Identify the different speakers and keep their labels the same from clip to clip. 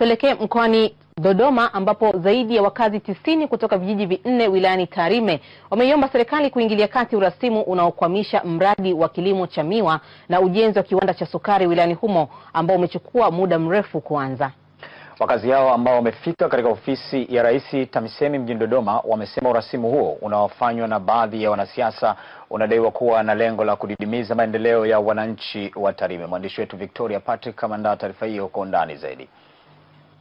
Speaker 1: Tuelekee mkoani Dodoma ambapo zaidi ya wakazi tisini kutoka vijiji vinne wilayani Tarime wameiomba serikali kuingilia kati urasimu unaokwamisha mradi wa kilimo cha miwa na ujenzi wa kiwanda cha sukari wilayani humo ambao umechukua muda mrefu kuanza.
Speaker 2: Wakazi hao ambao wamefika katika ofisi ya Rais TAMISEMI mjini Dodoma wamesema urasimu huo unaofanywa na baadhi ya wanasiasa unadaiwa kuwa na lengo la kudidimiza maendeleo ya wananchi wa Tarime. Mwandishi wetu Victoria Patrick ameandaa taarifa hiyo kwa undani zaidi.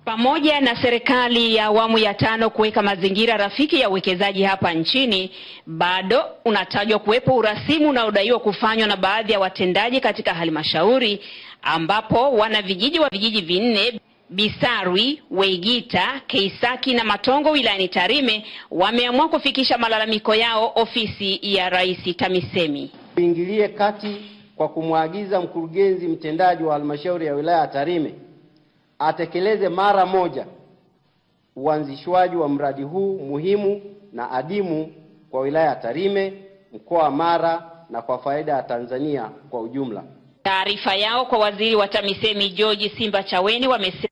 Speaker 1: Pamoja na serikali ya awamu ya tano kuweka mazingira rafiki ya uwekezaji hapa nchini, bado unatajwa kuwepo urasimu unaodaiwa kufanywa na baadhi ya watendaji katika halmashauri, ambapo wana vijiji wa vijiji vinne Bisarwi, Weigita, Keisaki na Matongo wilayani Tarime wameamua kufikisha malalamiko yao ofisi ya Rais TAMISEMI.
Speaker 3: Tuingilie kati kwa kumwagiza mkurugenzi mtendaji wa halmashauri ya wilaya ya Tarime atekeleze mara moja uanzishwaji wa mradi huu muhimu na adimu kwa wilaya ya Tarime, mkoa wa Mara na kwa faida ya Tanzania kwa ujumla.
Speaker 1: Taarifa yao kwa waziri wa TAMISEMI George Simba Chaweni wamesema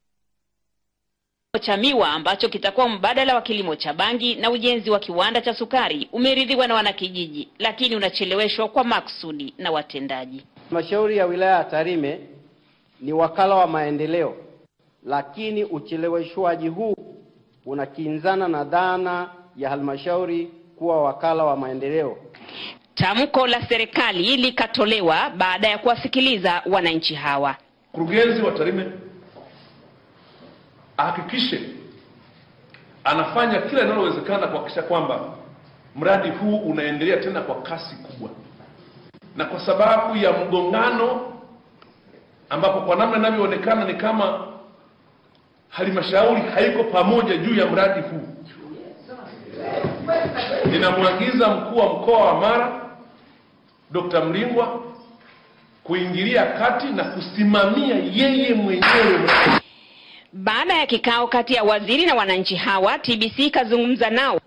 Speaker 1: cha miwa ambacho kitakuwa mbadala wa kilimo cha bangi na ujenzi wa kiwanda cha sukari umeridhiwa na wanakijiji, lakini unacheleweshwa kwa maksudi na watendaji.
Speaker 3: Halmashauri ya wilaya ya Tarime ni wakala wa maendeleo lakini ucheleweshwaji huu unakinzana na dhana ya halmashauri kuwa wakala wa maendeleo.
Speaker 1: Tamko la serikali likatolewa baada ya kuwasikiliza wananchi hawa.
Speaker 4: Mkurugenzi wa Tarime ahakikishe anafanya kila linalowezekana kuhakikisha kwamba mradi huu unaendelea tena kwa kasi kubwa, na kwa sababu ya mgongano ambapo kwa namna inavyoonekana ni kama halmashauri haiko pamoja juu ya mradi huu. Ninamwagiza mkuu wa mkoa wa Mara Dr. Mlingwa kuingilia kati na kusimamia yeye mwenyewe.
Speaker 1: Baada ya kikao kati ya waziri na wananchi hawa, TBC ikazungumza nao.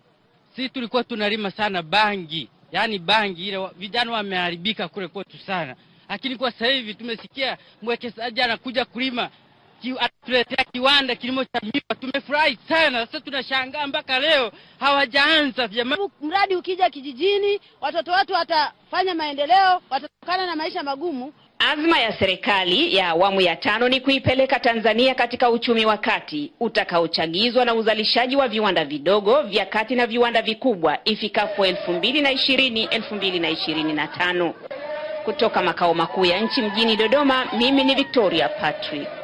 Speaker 5: Sisi tulikuwa tunalima sana bangi, yaani bangi ile, vijana wameharibika kule kwetu sana, lakini kwa sasa hivi tumesikia mwekezaji anakuja kulima ki, atuletea kiwanda kilimo cha miwa. Tumefurahi sana sasa, tunashangaa mpaka leo hawajaanza vyema.
Speaker 6: Mradi ukija kijijini, watoto wetu watafanya maendeleo, watatokana na maisha magumu.
Speaker 1: Azma ya serikali ya awamu ya tano ni kuipeleka Tanzania katika uchumi wa kati utakaochagizwa na uzalishaji wa viwanda vidogo vya kati na viwanda vikubwa ifikapo 2020-2025. Kutoka makao makuu ya nchi mjini Dodoma, mimi ni Victoria Patrick.